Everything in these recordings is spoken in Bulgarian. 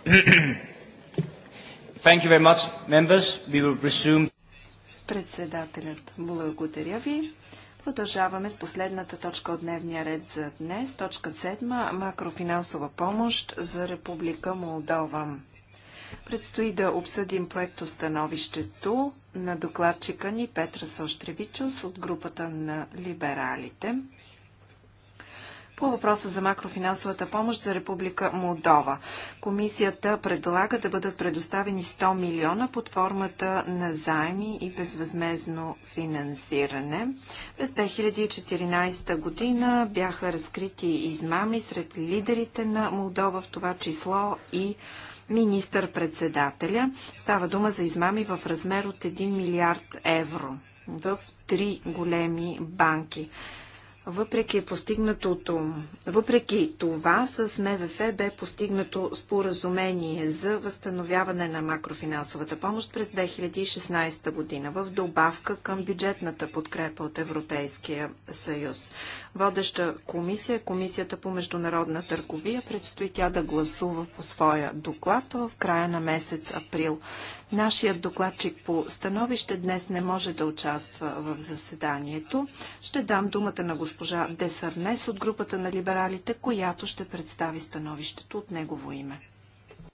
Thank you very much, members. We will resume... Председателят, благодаря ви. Продължаваме с последната точка от дневния ред за днес. Точка 7. Макрофинансова помощ за Република Молдова. Предстои да обсъдим становището на докладчика ни Петра Сълштревичус от групата на либералите. По въпроса за макрофинансовата помощ за Република Молдова. Комисията предлага да бъдат предоставени 100 милиона под формата на заеми и безвъзмезно финансиране. През 2014 година бяха разкрити измами сред лидерите на Молдова, в това число и министър-председателя. Става дума за измами в размер от 1 милиард евро в три големи банки. Въпреки постигнатото, въпреки това с МВФ бе постигнато споразумение за възстановяване на макрофинансовата помощ през 2016 година в добавка към бюджетната подкрепа от Европейския съюз. Водеща комисия е Комисията по международна търговия. Предстои тя да гласува по своя доклад в края на месец април. Нашият докладчик по становище днес не може да участва в заседанието. Ще дам думата на госпожа Десарнес от групата на либералите, която ще представи становището от негово име.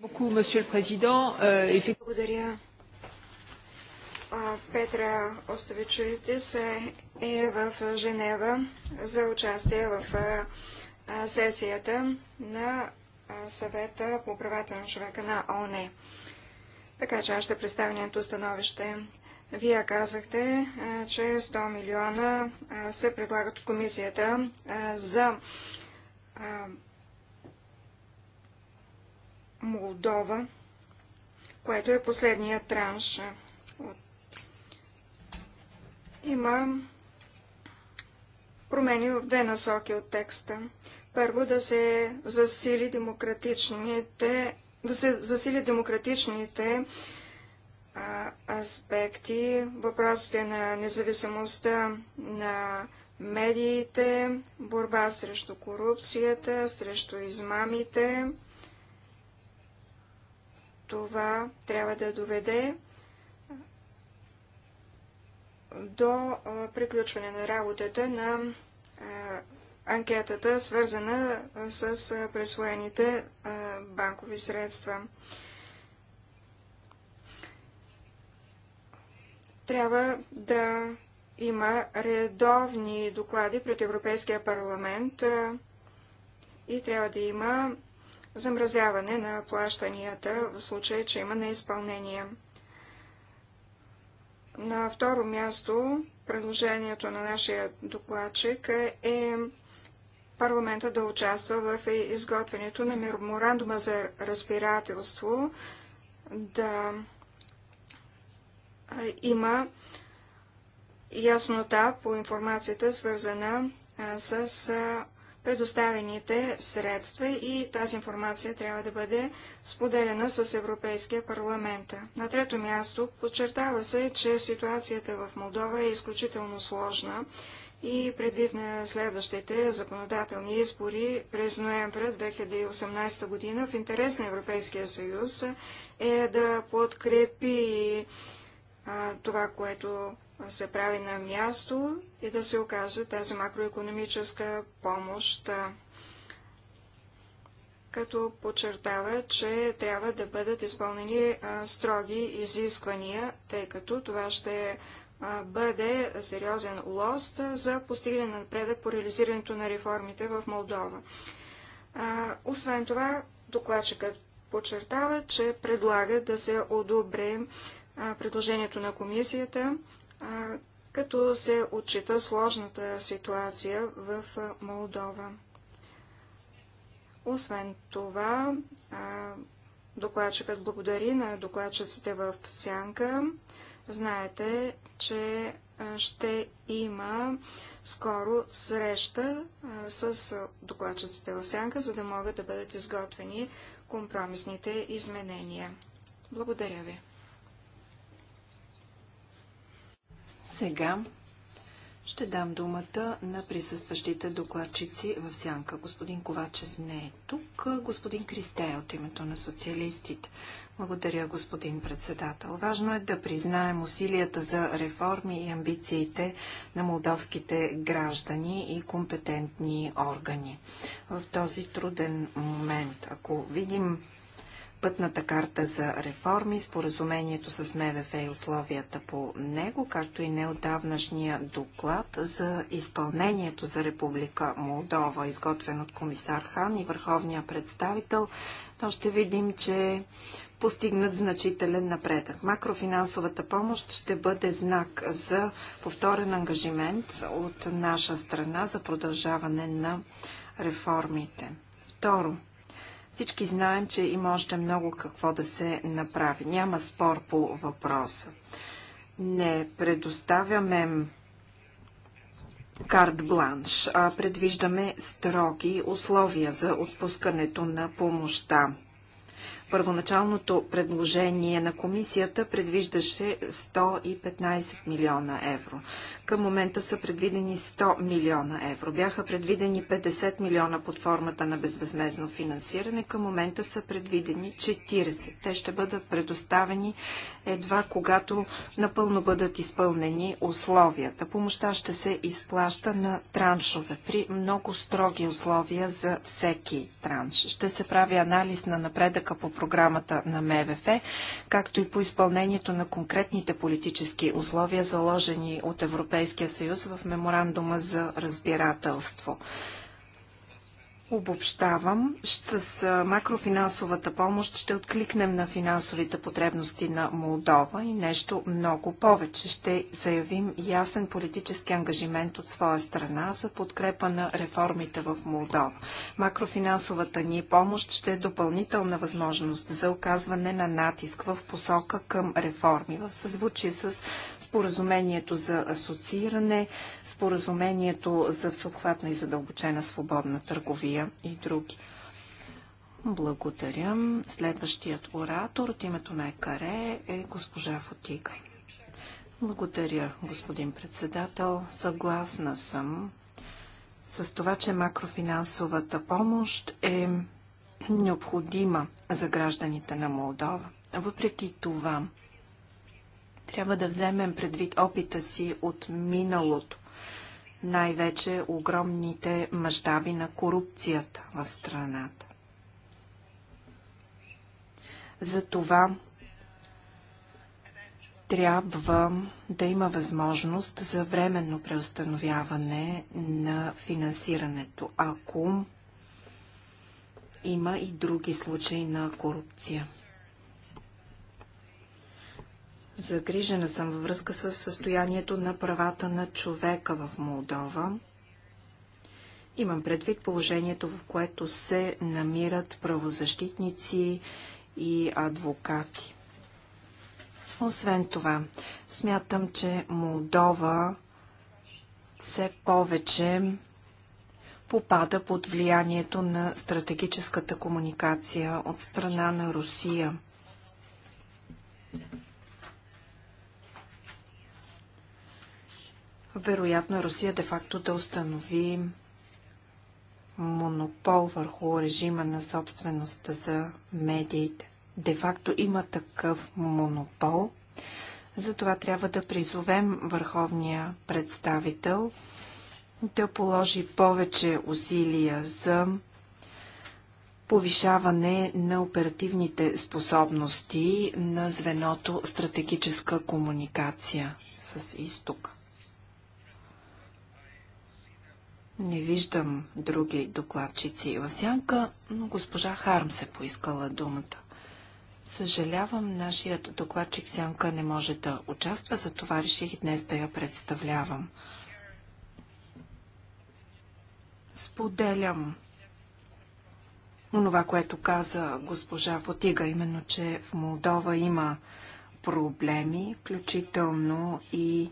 Euh, Благодаря. Петра се е в Женева за участие в сесията на съвета по правата на човека на ОНЕ. Така че аз ще представя нето становище. Вие казахте, че 100 милиона се предлагат от комисията за Молдова, което е последният транш. Има промени в две насоки от текста. Първо да се засили демократичните да се засилят демократичните а, аспекти, въпросите на независимостта на медиите, борба срещу корупцията, срещу измамите. Това трябва да доведе до приключване на работата на анкетата, свързана с присвоените банкови средства. Трябва да има редовни доклади пред Европейския парламент и трябва да има замразяване на плащанията в случай, че има неизпълнение. На второ място предложението на нашия докладчик е парламента да участва в изготвянето на меморандума за разбирателство, да има яснота по информацията, свързана с предоставените средства и тази информация трябва да бъде споделена с Европейския парламент. На трето място подчертава се, че ситуацията в Молдова е изключително сложна и предвид на следващите законодателни избори през ноември 2018 година в интерес на Европейския съюз е да подкрепи това, което се прави на място и да се окаже тази макроекономическа помощ, като подчертава, че трябва да бъдат изпълнени строги изисквания, тъй като това ще е бъде сериозен лост за постигане на напредък по реализирането на реформите в Молдова. Освен това, докладчикът подчертава, че предлага да се одобре предложението на комисията, като се отчита сложната ситуация в Молдова. Освен това, докладчикът благодари на докладчиците в Сянка Знаете, че ще има скоро среща с докладчиците в сянка, за да могат да бъдат изготвени компромисните изменения. Благодаря ви. Сега ще дам думата на присъстващите докладчици в сянка. Господин Ковачев не е тук. Господин Кристей, от името на социалистите. Благодаря, господин председател. Важно е да признаем усилията за реформи и амбициите на молдовските граждани и компетентни органи в този труден момент. Ако видим пътната карта за реформи, споразумението с МВФ и условията по него, както и неотдавнашния доклад за изпълнението за Република Молдова, изготвен от комисар Хан и върховния представител, то ще видим, че постигнат значителен напредък. Макрофинансовата помощ ще бъде знак за повторен ангажимент от наша страна за продължаване на реформите. Второ, всички знаем, че има още много какво да се направи. Няма спор по въпроса. Не предоставяме карт бланш, а предвиждаме строги условия за отпускането на помощта. Първоначалното предложение на комисията предвиждаше 115 милиона евро. Към момента са предвидени 100 милиона евро. Бяха предвидени 50 милиона под формата на безвъзмезно финансиране. Към момента са предвидени 40. Те ще бъдат предоставени едва когато напълно бъдат изпълнени условията. Помощта ще се изплаща на траншове при много строги условия за всеки транш. Ще се прави анализ на напредъка по програмата на МВФ, както и по изпълнението на конкретните политически условия, заложени от Европейския съюз в меморандума за разбирателство. Обобщавам, с макрофинансовата помощ ще откликнем на финансовите потребности на Молдова и нещо много повече. Ще заявим ясен политически ангажимент от своя страна за подкрепа на реформите в Молдова. Макрофинансовата ни помощ ще е допълнителна възможност за оказване на натиск в посока към реформи в съзвучие с споразумението за асоцииране, споразумението за всеобхватна и задълбочена свободна търговия Мария и други. Благодаря. Следващият оратор от името на ЕКАРЕ е госпожа Фотига. Благодаря, господин председател. Съгласна съм с това, че макрофинансовата помощ е необходима за гражданите на Молдова. Въпреки това, трябва да вземем предвид опита си от миналото най-вече огромните мащаби на корупцията в страната. Затова трябва да има възможност за временно преустановяване на финансирането, ако има и други случаи на корупция. Загрижена съм във връзка с състоянието на правата на човека в Молдова. Имам предвид положението, в което се намират правозащитници и адвокати. Освен това, смятам, че Молдова все повече попада под влиянието на стратегическата комуникация от страна на Русия – вероятно е Русия де-факто да установи монопол върху режима на собствеността за медиите. Де-факто има такъв монопол. Затова трябва да призовем върховния представител да положи повече усилия за повишаване на оперативните способности на звеното стратегическа комуникация с изток. Не виждам други докладчици в сянка, но госпожа Харм се поискала думата. Съжалявам, нашият докладчик Сянка не може да участва, затова реших днес да я представлявам. Споделям онова, което каза госпожа Фотига, именно, че в Молдова има проблеми, включително и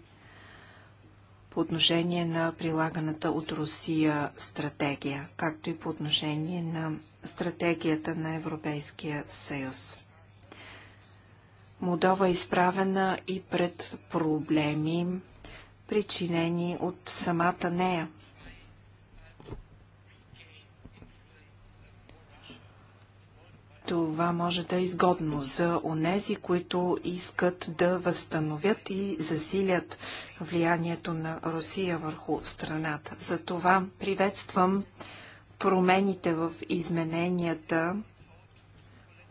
по отношение на прилаганата от Русия стратегия, както и по отношение на стратегията на Европейския съюз. Молдова е изправена и пред проблеми, причинени от самата нея. Това може да е изгодно за онези, които искат да възстановят и засилят влиянието на Русия върху страната. Затова приветствам промените в измененията,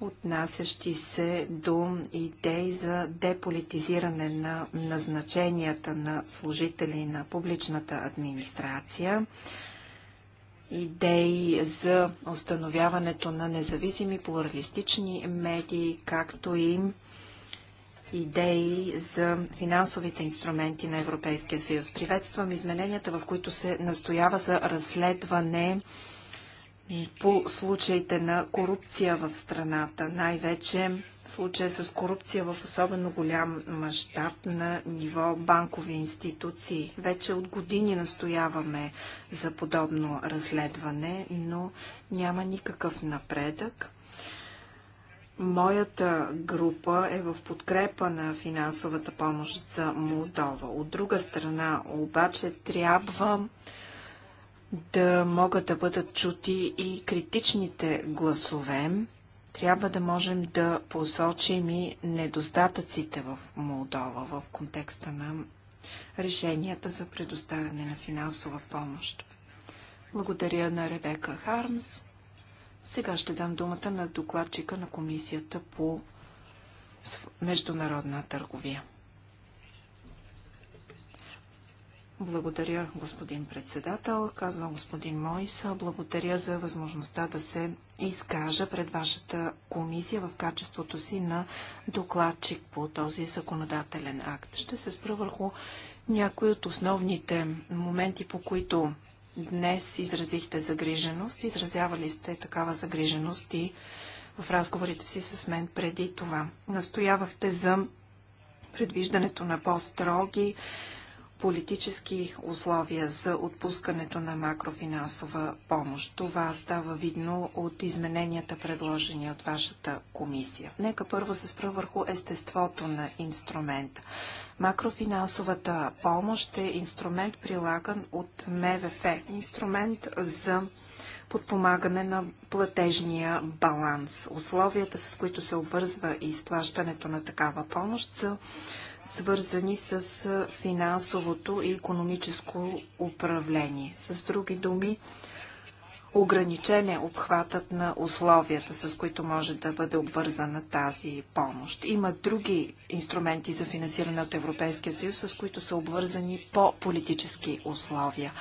отнасящи се до идеи за деполитизиране на назначенията на служители на публичната администрация идеи за установяването на независими плуралистични медии, както и идеи за финансовите инструменти на Европейския съюз. Приветствам измененията, в които се настоява за разследване по случаите на корупция в страната, най-вече случая с корупция в особено голям мащаб на ниво банкови институции. Вече от години настояваме за подобно разследване, но няма никакъв напредък. Моята група е в подкрепа на финансовата помощ за Молдова. От друга страна, обаче, трябва да могат да бъдат чути и критичните гласове. Трябва да можем да посочим и недостатъците в Молдова в контекста на решенията за предоставяне на финансова помощ. Благодаря на Ребека Хармс. Сега ще дам думата на докладчика на Комисията по международна търговия. Благодаря, господин председател. Казва господин Мойс. Благодаря за възможността да се изкажа пред вашата комисия в качеството си на докладчик по този законодателен акт. Ще се спра върху някои от основните моменти, по които днес изразихте загриженост. Изразявали сте такава загриженост и в разговорите си с мен преди това. Настоявахте за предвиждането на по-строги политически условия за отпускането на макрофинансова помощ. Това става видно от измененията, предложени от вашата комисия. Нека първо се спра върху естеството на инструмента. Макрофинансовата помощ е инструмент прилаган от МВФ. Инструмент за подпомагане на платежния баланс. Условията, с които се обвързва и изплащането на такава помощ, са свързани с финансовото и економическо управление. С други думи, ограничен е обхватът на условията, с които може да бъде обвързана тази помощ. Има други инструменти за финансиране от Европейския съюз, с които са обвързани по политически условия.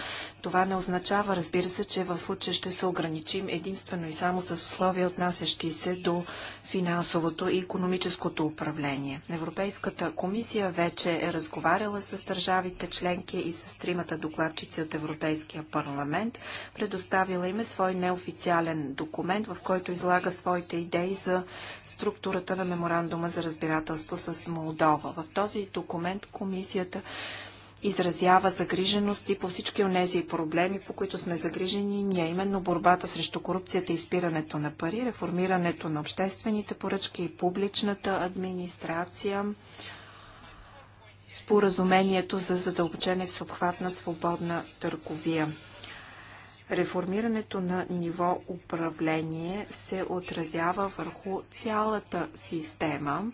Това не означава, разбира се, че в случая ще се ограничим единствено и само с условия, отнасящи се до финансовото и економическото управление. Европейската комисия вече е разговаряла с държавите членки и с тримата докладчици от Европейския парламент. Предоставила им е свой неофициален документ, в който излага своите идеи за структурата на меморандума за разбирателство с с Молдова. В този документ комисията изразява загрижености по всички от тези проблеми, по които сме загрижени ние, именно борбата срещу корупцията и спирането на пари, реформирането на обществените поръчки и публичната администрация, споразумението за задълбочене на свободна търговия. Реформирането на ниво управление се отразява върху цялата система.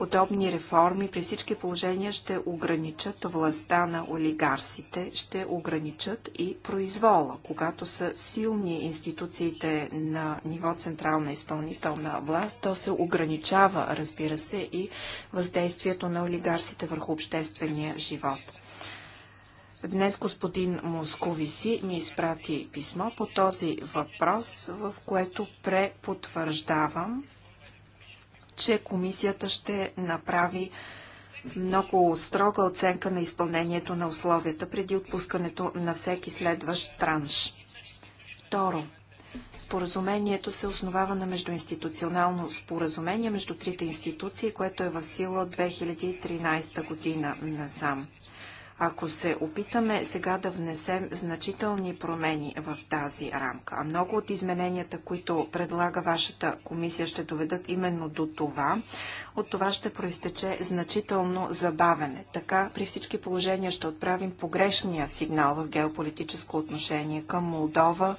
Подобни реформи при всички положения ще ограничат властта на олигарсите, ще ограничат и произвола. Когато са силни институциите на ниво централна изпълнителна власт, то се ограничава, разбира се, и въздействието на олигарсите върху обществения живот. Днес господин Московиси ми изпрати писмо по този въпрос, в което препотвърждавам че комисията ще направи много строга оценка на изпълнението на условията преди отпускането на всеки следващ транш. Второ, Споразумението се основава на междуинституционално споразумение между трите институции, което е в сила от 2013 година насам ако се опитаме сега да внесем значителни промени в тази рамка, а много от измененията, които предлага вашата комисия, ще доведат именно до това, от това ще проистече значително забавене. Така при всички положения ще отправим погрешния сигнал в геополитическо отношение към Молдова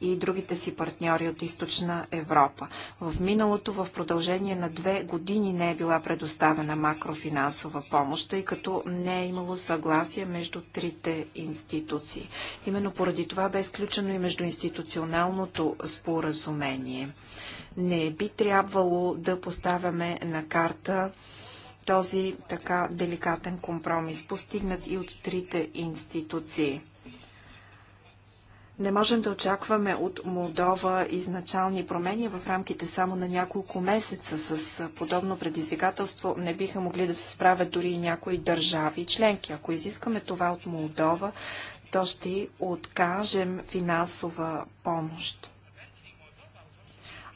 и другите си партньори от източна Европа. В миналото в продължение на две години не е била предоставена макрофинансова помощ, тъй като не е имало съгласие между трите институции. Именно поради това бе изключено и междуинституционалното споразумение. Не би трябвало да поставяме на карта този така деликатен компромис, постигнат и от трите институции. Не можем да очакваме от Молдова изначални промени в рамките само на няколко месеца. С подобно предизвикателство не биха могли да се справят дори и някои държави членки. Ако изискаме това от Молдова, то ще откажем финансова помощ.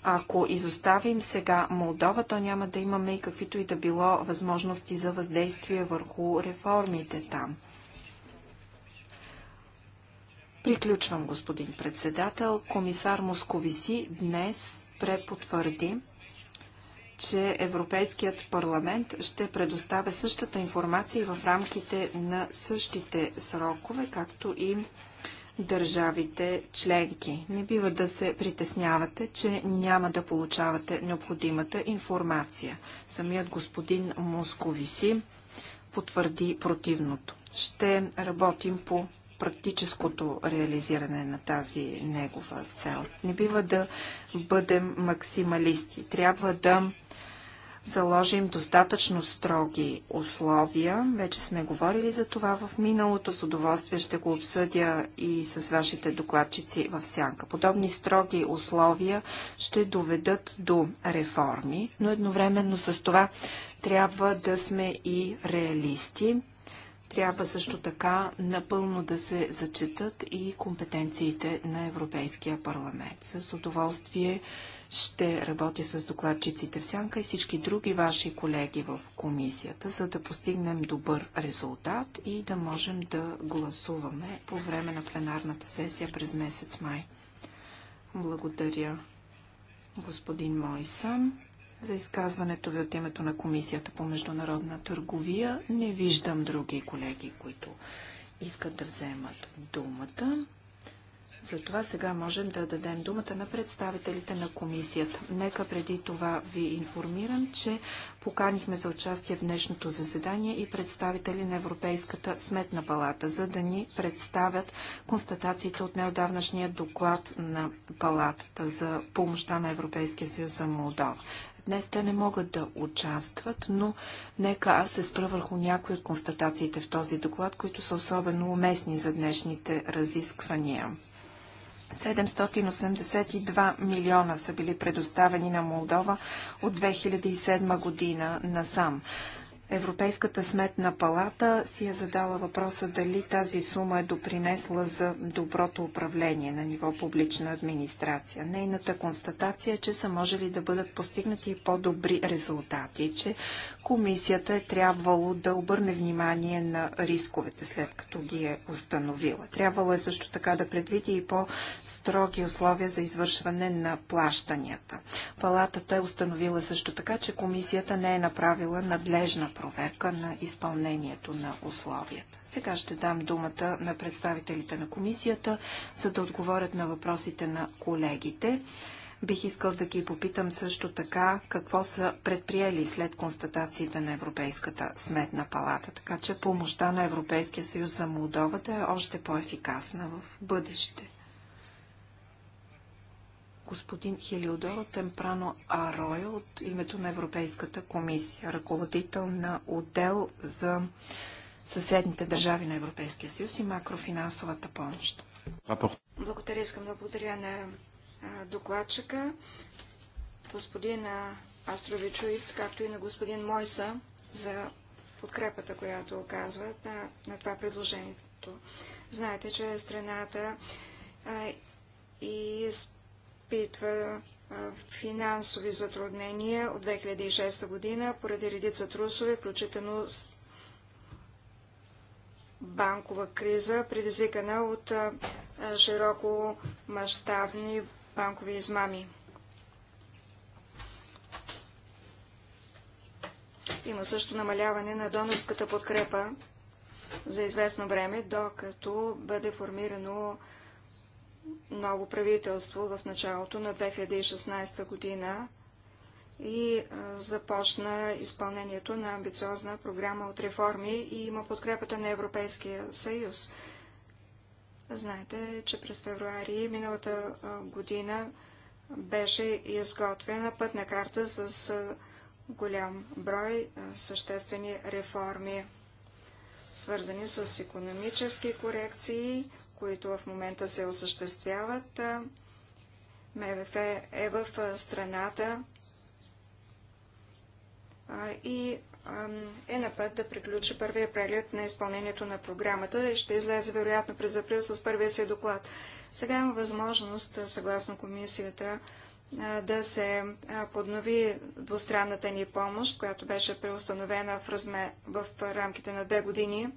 Ако изоставим сега Молдова, то няма да имаме и каквито и да било възможности за въздействие върху реформите там. Приключвам, господин председател. Комисар Московиси днес препотвърди, че Европейският парламент ще предоставя същата информация и в рамките на същите срокове, както и държавите членки. Не бива да се притеснявате, че няма да получавате необходимата информация. Самият господин Московиси потвърди противното. Ще работим по практическото реализиране на тази негова цел. Не бива да бъдем максималисти. Трябва да заложим достатъчно строги условия. Вече сме говорили за това в миналото. С удоволствие ще го обсъдя и с вашите докладчици в сянка. Подобни строги условия ще доведат до реформи, но едновременно с това трябва да сме и реалисти. Трябва също така напълно да се зачитат и компетенциите на Европейския парламент. С удоволствие ще работя с докладчиците в Сянка и всички други ваши колеги в комисията, за да постигнем добър резултат и да можем да гласуваме по време на пленарната сесия през месец май. Благодаря, господин Мойсън за изказването ви от името на Комисията по международна търговия. Не виждам други колеги, които искат да вземат думата. Затова сега можем да дадем думата на представителите на комисията. Нека преди това ви информирам, че поканихме за участие в днешното заседание и представители на Европейската сметна палата, за да ни представят констатациите от неодавнашния доклад на палатата за помощта на Европейския съюз за Молдова. Днес те не могат да участват, но нека аз се спра върху някои от констатациите в този доклад, които са особено уместни за днешните разисквания. 782 милиона са били предоставени на Молдова от 2007 година насам. Европейската сметна палата си е задала въпроса дали тази сума е допринесла за доброто управление на ниво публична администрация. Нейната констатация е, че са можели да бъдат постигнати по-добри резултати, че комисията е трябвало да обърне внимание на рисковете, след като ги е установила. Трябвало е също така да предвиди и по-строги условия за извършване на плащанията. Палатата е установила също така, че комисията не е направила надлежна проверка на изпълнението на условията. Сега ще дам думата на представителите на комисията, за да отговорят на въпросите на колегите. Бих искал да ги попитам също така какво са предприели след констатациите на Европейската сметна палата, така че помощта на Европейския съюз за Молдова да е още по-ефикасна в бъдеще. Господин Хелиодор Темпрано Арой от името на Европейската комисия, ръководител на отдел за съседните държави на Европейския съюз и макрофинансовата помощ. Благодаря, искам да благодаря на докладчика, господин Астровичуев, както и на господин Мойса за подкрепата, която оказват на, на това предложението. Знаете, че страната а, изпитва а, финансови затруднения от 2006 година поради редица трусове, включително с банкова криза, предизвикана от а, широко мащабни банкови измами. Има също намаляване на донорската подкрепа за известно време, докато бъде формирано ново правителство в началото на 2016 година и започна изпълнението на амбициозна програма от реформи и има подкрепата на Европейския съюз. Знаете, че през февруари миналата година беше изготвена пътна карта с голям брой съществени реформи, свързани с економически корекции, които в момента се осъществяват. МВФ е в страната и е на път да приключи първия преглед на изпълнението на програмата и ще излезе вероятно през април с първия си доклад. Сега има възможност, съгласно комисията, да се поднови двустранната ни помощ, която беше преустановена в, разме... в рамките на две години.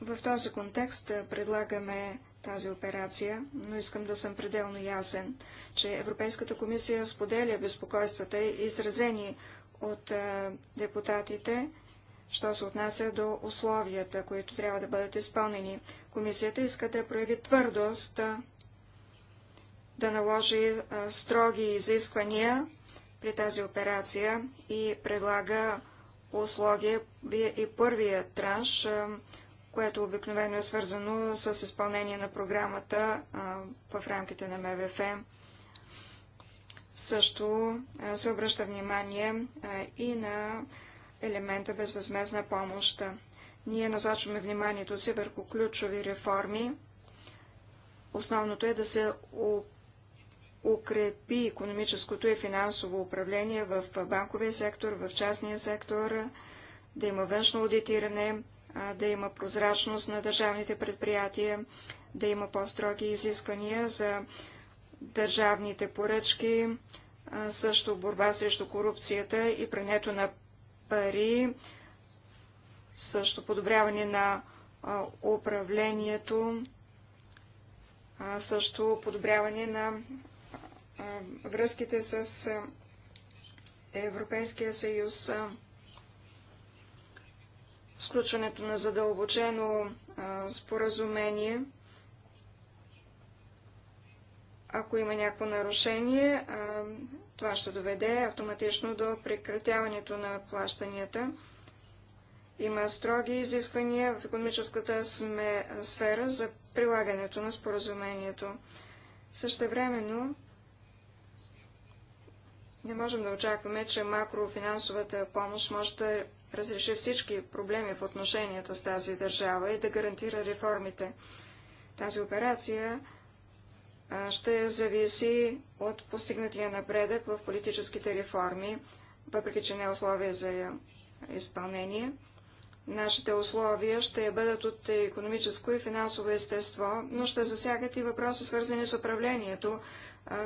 В този контекст предлагаме тази операция, но искам да съм пределно ясен, че Европейската комисия споделя безпокойствата, и изразени от е, депутатите, що се отнася до условията, които трябва да бъдат изпълнени. Комисията иска да прояви твърдост, е, да наложи е, строги изисквания при тази операция и предлага условия и първия транш което обикновено е свързано с изпълнение на програмата а, в рамките на МВФ. Също а, се обръща внимание а, и на елемента безвъзмезна помощ. Ние насочваме вниманието си върху ключови реформи. Основното е да се укрепи економическото и финансово управление в банковия сектор, в частния сектор, да има външно аудитиране, да има прозрачност на държавните предприятия, да има по-строги изисквания за държавните поръчки, също борба срещу корупцията и прането на пари, също подобряване на управлението, също подобряване на връзките с Европейския съюз сключването на задълбочено а, споразумение. Ако има някакво нарушение, а, това ще доведе автоматично до прекратяването на плащанията. Има строги изисквания в економическата сме... сфера за прилагането на споразумението. Същевременно не можем да очакваме, че макрофинансовата помощ може да разреши всички проблеми в отношенията с тази държава и да гарантира реформите. Тази операция ще зависи от постигнатия напредък в политическите реформи, въпреки че не е условие за изпълнение. Нашите условия ще бъдат от економическо и финансово естество, но ще засягат и въпроси, свързани с управлението,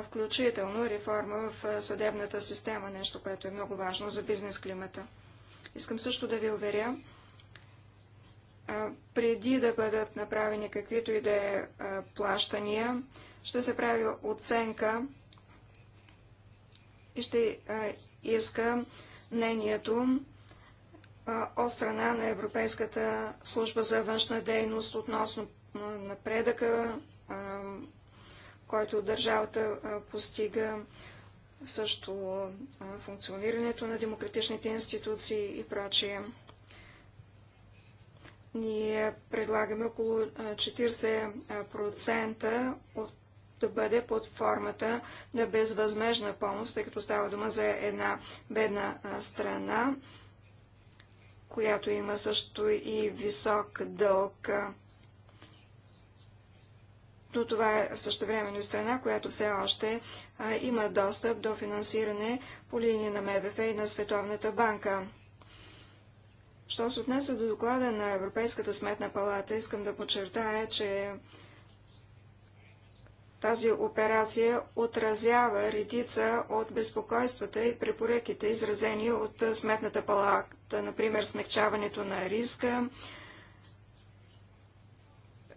включително реформа в съдебната система, нещо, което е много важно за бизнес климата. Искам също да ви уверя, преди да бъдат направени каквито и да е плащания, ще се прави оценка и ще иска мнението от страна на Европейската служба за външна дейност относно напредъка, който държавата постига, също функционирането на демократичните институции и прочие. Ние предлагаме около 40% от да бъде под формата на безвъзмежна помощ, тъй като става дума за една бедна страна, която има също и висок дълг но това е същевременно страна, която все още а, има достъп до финансиране по линия на МВФ и на Световната банка. Що се отнесе до доклада на Европейската сметна палата, искам да подчертая, че тази операция отразява редица от безпокойствата и препоръките, изразени от Сметната палата, например смягчаването на риска,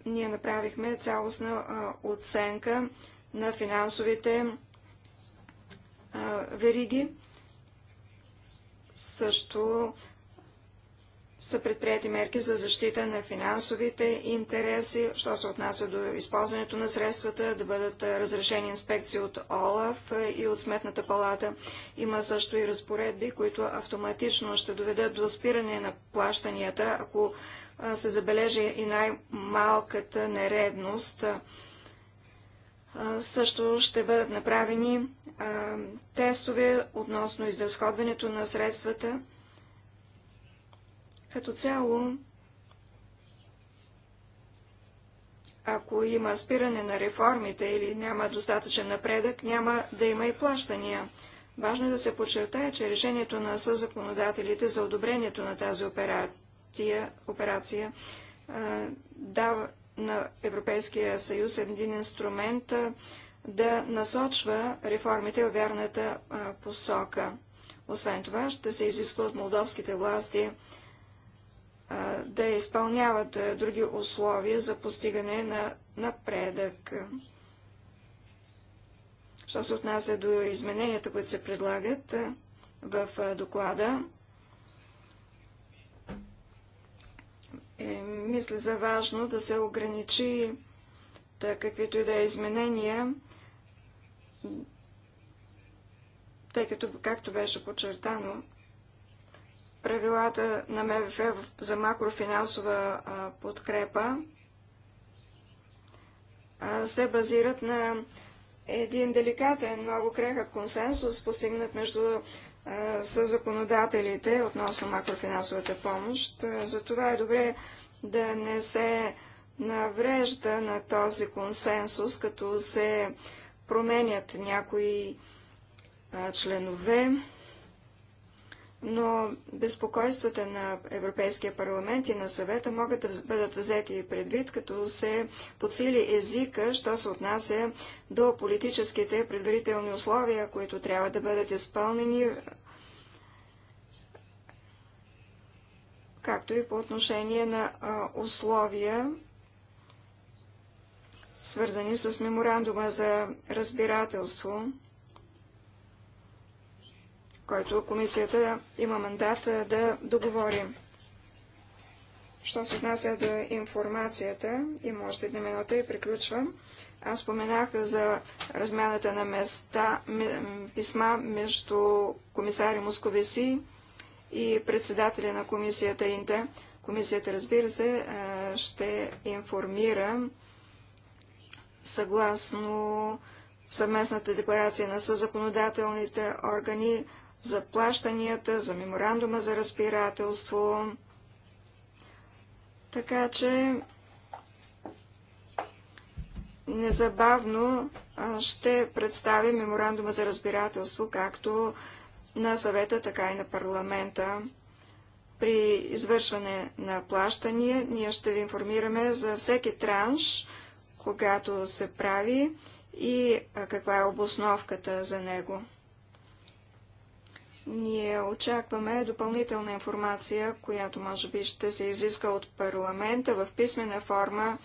ние направихме цялостна оценка на финансовите вериги. Също са предприяти мерки за защита на финансовите интереси, що се отнася до използването на средствата, да бъдат разрешени инспекции от ОЛАФ е, и от Сметната палата. Има също и разпоредби, които автоматично ще доведат до спиране на плащанията, ако е, се забележи и най-малката нередност. Е, също ще бъдат направени тестове относно изразходването на средствата като цяло, ако има спиране на реформите или няма достатъчен напредък, няма да има и плащания. Важно е да се подчертае, че решението на съзаконодателите за одобрението на тази операция, операция дава на Европейския съюз един инструмент да насочва реформите в вярната посока. Освен това, ще се изисква от молдовските власти да изпълняват други условия за постигане на напредък. Що се отнася до измененията, които се предлагат в доклада, е, мисля за важно да се ограничи да каквито и да е изменения, тъй като, както беше подчертано, правилата на МВФ за макрофинансова подкрепа се базират на един деликатен, много крехък консенсус, постигнат между със законодателите относно макрофинансовата помощ. Затова е добре да не се наврежда на този консенсус, като се променят някои членове но безпокойствата на Европейския парламент и на съвета могат да бъдат взети предвид, като се подсили езика, що се отнася до политическите предварителни условия, които трябва да бъдат изпълнени, както и по отношение на условия, свързани с меморандума за разбирателство който комисията има мандат е, да договори. Що се отнася до информацията, има още една минута и приключвам. Аз споменах за размяната на места, писма между комисари Московеси и председателя на комисията Инте. Комисията, разбира се, е, ще информира съгласно съвместната декларация на съзаконодателните органи за плащанията, за меморандума за разпирателство. Така че незабавно ще представи меморандума за разбирателство, както на съвета, така и на парламента. При извършване на плащания ние ще ви информираме за всеки транш, когато се прави и каква е обосновката за него. Ние очакваме допълнителна информация, която може би ще се изиска от парламента в писмена форма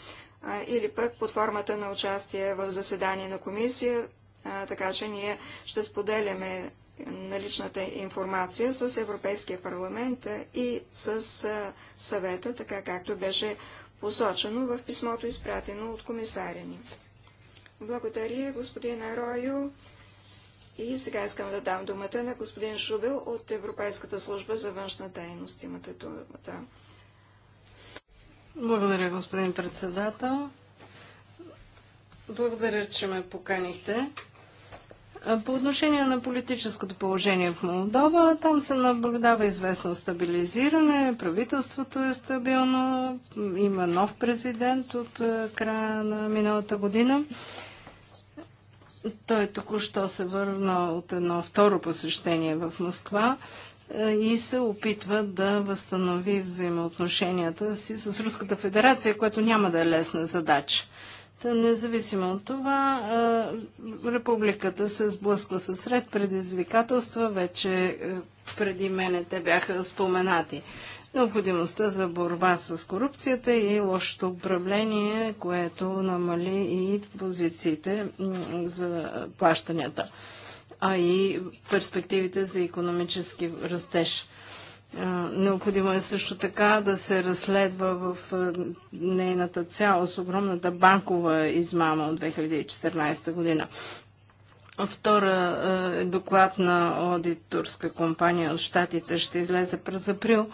а, или пък под формата на участие в заседание на комисия, а, така че ние ще споделяме наличната информация с Европейския парламент и с а, съвета, така както беше посочено в писмото, изпратено от комисаря ни. Благодаря, господин Аройо. И сега искам да дам думата на господин Шубил от Европейската служба за външна дейност. Имате думата. Благодаря, господин председател. Благодаря, че ме поканихте. По отношение на политическото положение в Молдова, там се наблюдава известно стабилизиране, правителството е стабилно, има нов президент от края на миналата година. Той току-що се върна от едно второ посещение в Москва е, и се опитва да възстанови взаимоотношенията си с Руската федерация, което няма да е лесна задача. Та независимо от това, е, републиката се сблъсква с ред предизвикателства, вече е, преди мене те бяха споменати необходимостта за борба с корупцията и лошото управление, което намали и позициите за плащанията, а и перспективите за економически растеж. Необходимо е също така да се разследва в нейната цялост огромната банкова измама от 2014 година. Втора е доклад на аудиторска компания от Штатите ще излезе през април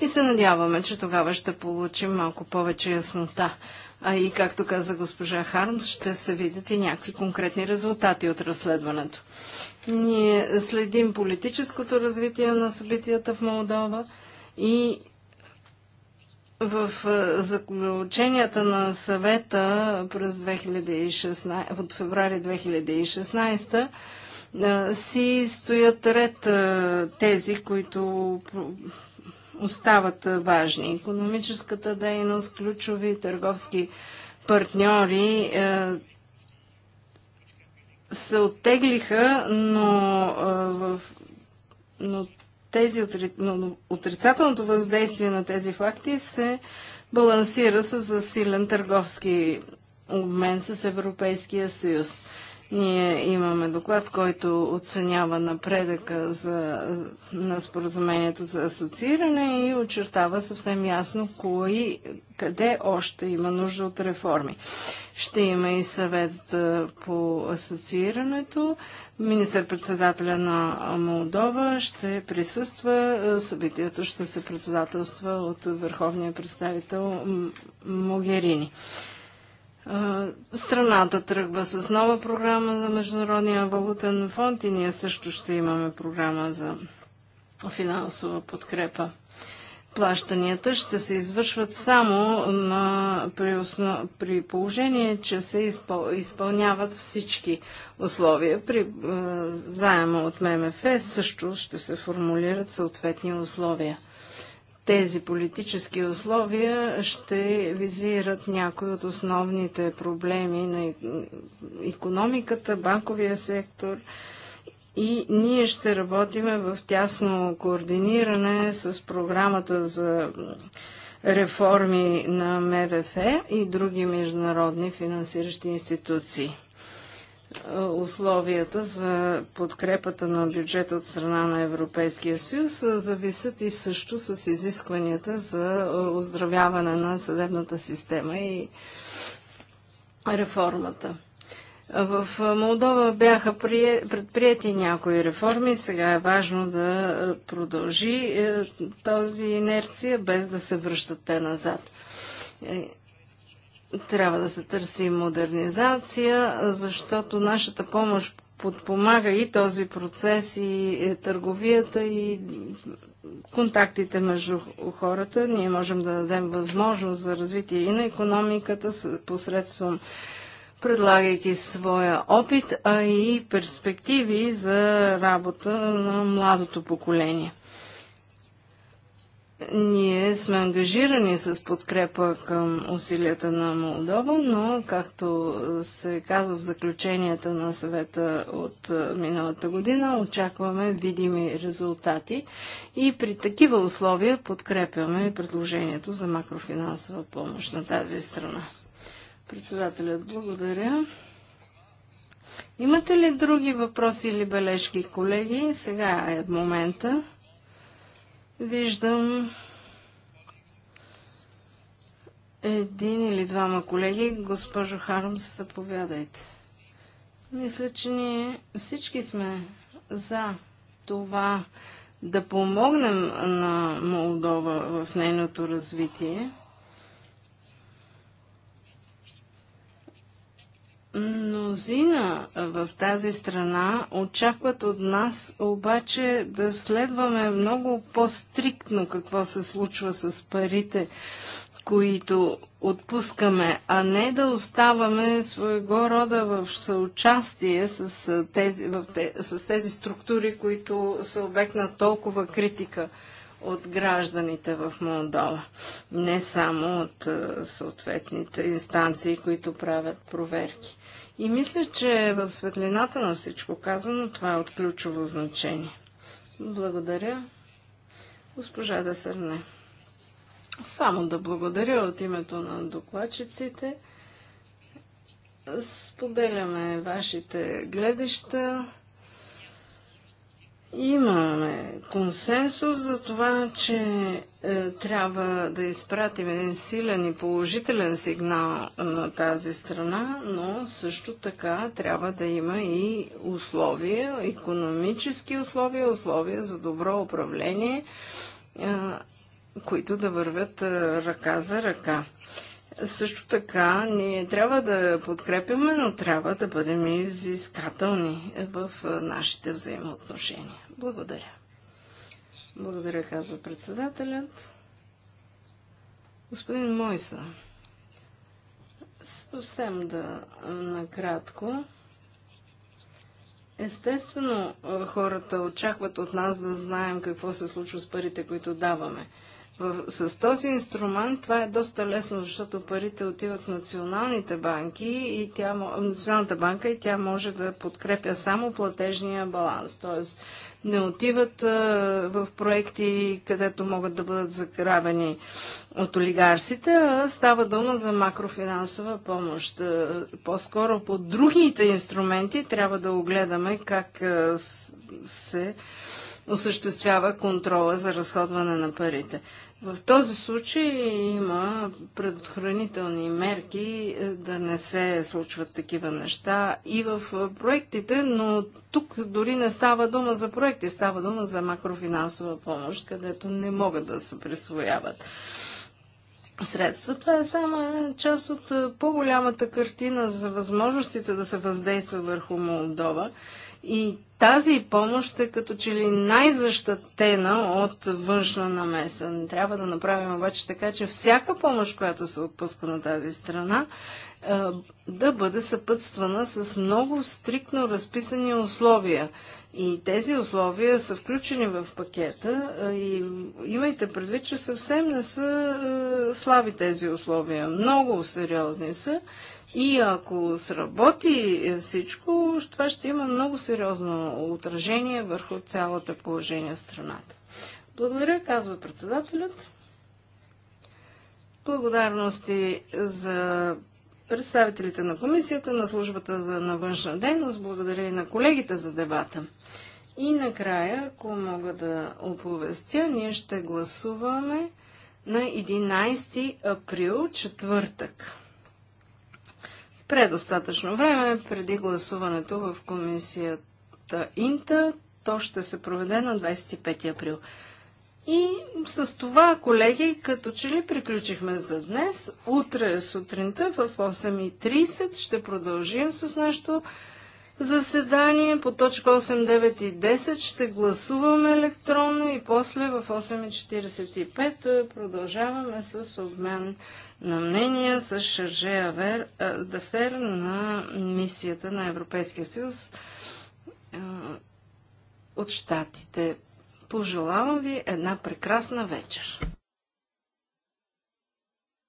и се надяваме, че тогава ще получим малко повече яснота. А и, както каза госпожа Хармс, ще се видят и някакви конкретни резултати от разследването. Ние следим политическото развитие на събитията в Молдова и в заключенията на съвета през 2016, от феврари 2016 си стоят ред тези, които остават важни. Економическата дейност, ключови търговски партньори се оттеглиха, но, в, но тези отрицателното въздействие на тези факти се балансира с засилен търговски обмен с Европейския съюз. Ние имаме доклад, който оценява напредъка за, на споразумението за асоцииране и очертава съвсем ясно кои, къде още има нужда от реформи. Ще има и съвет по асоциирането. Министър-председателя на Молдова ще присъства. Събитието ще се председателства от върховния представител Могерини. Страната тръгва с нова програма за Международния валутен фонд и ние също ще имаме програма за финансова подкрепа. Плащанията ще се извършват само на, при, основ, при положение, че се изпъл, изпълняват всички условия. При е, заема от ММФ също ще се формулират съответни условия тези политически условия ще визират някои от основните проблеми на економиката, банковия сектор и ние ще работиме в тясно координиране с програмата за реформи на МВФ и други международни финансиращи институции. Е, условията за подкрепата на бюджета от страна на Европейския съюз е, зависят и също с изискванията за е, оздравяване на съдебната система и реформата. В Молдова бяха предприяти някои реформи. Сега е важно да продължи този инерция, без да се връщат те назад. Трябва да се търси модернизация, защото нашата помощ подпомага и този процес, и е, търговията, и контактите между хората. Ние можем да дадем възможност за развитие и на економиката посредством предлагайки своя опит, а и перспективи за работа на младото поколение. Ние сме ангажирани с подкрепа към усилията на Молдова, но както се казва в заключенията на съвета от миналата година, очакваме видими резултати и при такива условия подкрепяме предложението за макрофинансова помощ на тази страна. Председателят, благодаря. Имате ли други въпроси или бележки, колеги? Сега е момента. Виждам един или двама колеги. Госпожо Хармс, заповядайте. Мисля, че ние всички сме за това да помогнем на Молдова в нейното развитие. Мнозина в тази страна очакват от нас обаче да следваме много по-стриктно какво се случва с парите, които отпускаме, а не да оставаме своего рода в съучастие с тези, в те, с тези структури, които са обект на толкова критика от гражданите в Молдова. Не само от е, съответните инстанции, които правят проверки. И мисля, че в светлината на всичко казано, това е от ключово значение. Благодаря. Госпожа Десърне. Само да благодаря от името на докладчиците. Споделяме вашите гледаща. Имаме консенсус за това, че е, трябва да изпратим един силен и положителен сигнал е, на тази страна, но също така трябва да има и условия, економически условия, условия за добро управление, е, които да вървят е, ръка за ръка. Също така, ние трябва да подкрепяме, но трябва да бъдем и взискателни в нашите взаимоотношения. Благодаря. Благодаря, казва председателят. Господин Мойса, съвсем да накратко. Естествено, хората очакват от нас да знаем какво се случва с парите, които даваме. С този инструмент това е доста лесно, защото парите отиват в националните банки и тя, националната банка и тя може да подкрепя само платежния баланс. Тоест не отиват в проекти, където могат да бъдат заграбени от олигарсите, а става дума за макрофинансова помощ. По-скоро по другите инструменти трябва да огледаме как се осъществява контрола за разходване на парите. В този случай има предохранителни мерки е, да не се случват такива неща и в е, проектите, но тук дори не става дума за проекти, става дума за макрофинансова помощ, където не могат да се присвояват средства. Това е само част от е, по-голямата картина за възможностите да се въздейства върху Молдова и тази помощ е като че ли най-защитена от външна намеса. Трябва да направим обаче така, че всяка помощ, която се отпуска на тази страна, е, да бъде съпътствана с много стриктно разписани условия. И тези условия са включени в пакета е, и имайте предвид, че съвсем не са е, слаби тези условия. Много сериозни са и ако сработи всичко, това ще има много сериозно отражение върху цялата положение в страната. Благодаря, казва председателят. Благодарности за представителите на комисията, на службата за на външна дейност. Благодаря и на колегите за дебата. И накрая, ако мога да оповестя, ние ще гласуваме на 11 април, четвъртък предостатъчно време е преди гласуването в комисията Инта. То ще се проведе на 25 април. И с това, колеги, като че ли приключихме за днес. Утре сутринта в 8.30 ще продължим с нашото заседание по точка 8, 9 и 10 ще гласуваме електронно и после в 8.45 продължаваме с обмен на мнения с Шарже Дафер на мисията на Европейския съюз от Штатите. Пожелавам ви една прекрасна вечер!